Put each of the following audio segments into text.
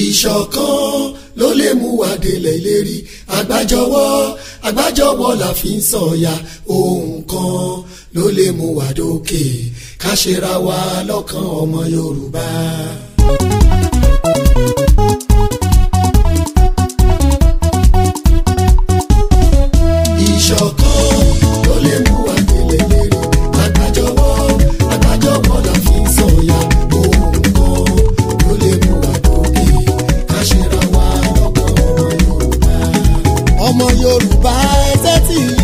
ìṣọ̀kan ló lè mú wa délẹ̀ ìlérí àgbájọwọ́ la fi ń sọ̀yà ohun kan ló lè mú wa dókè ká ṣera wa lọ́kàn ọmọ Yorùbá. thank you ọmọ Yorùbá ẹ tẹ́tí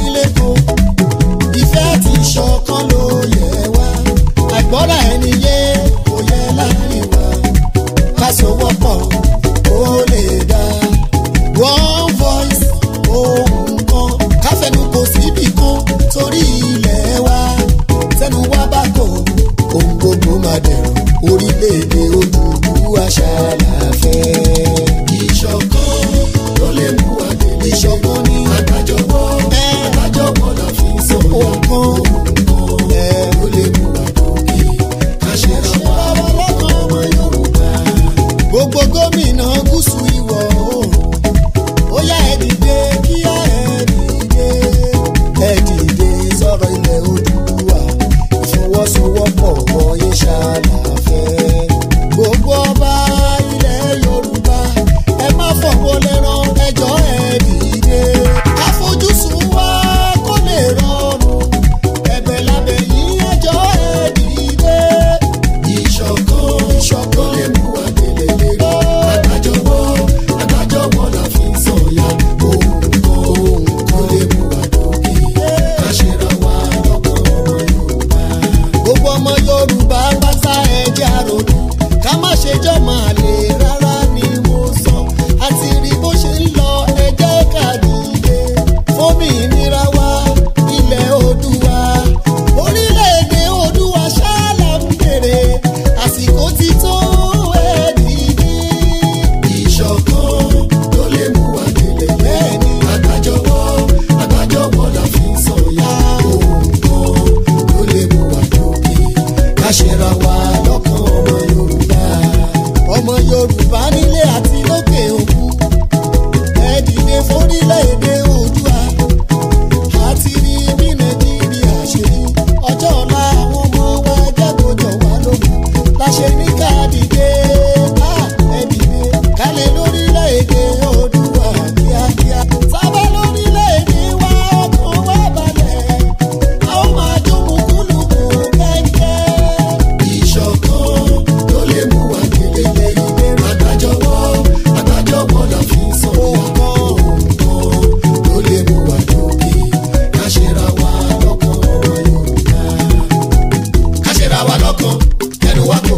lọ́kàn kẹ́nu wá kò.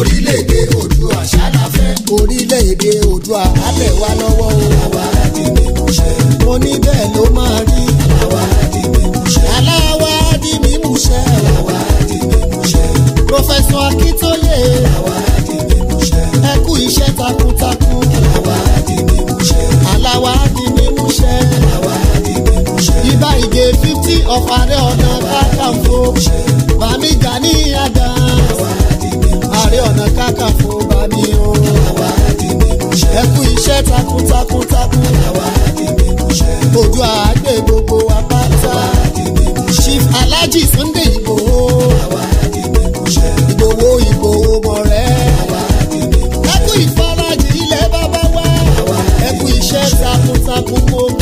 orílẹ̀-èdè Oòduà ṣáláfẹ́. orílẹ̀-èdè Oòduà àbẹ̀ wá lọ́wọ́ o. aláwa di mi mú ṣẹ. mo ní bẹ́ẹ̀ ló máa rí. aláwa di mi mú ṣẹ. aláwa di mi mú ṣẹ. aláwa di mi mú ṣẹ. Professor Akintoye. aláwa di mi mú ṣẹ. ẹ kú iṣẹ́ takuntakun. aláwa di mi mú ṣẹ. aláwa di mi mú ṣẹ. aláwa di mi mú ṣẹ. ibà ìgè fifty of Ààrẹ Ọ̀nà Kakanfò bàmí Gani Adams ààrẹ ọ̀nà kákàfò bàmí o ẹ kú iṣẹ́ takuntakun takun ojú àgbẹ̀ gbogbo wa pátá chief alhaji sunday ìgbòho ìgbòho ìgbòho mọ̀rẹ́ ẹ kú ìfarajì ilẹ̀ bàbá wa ẹ kú iṣẹ́ takuntakun gbogbo.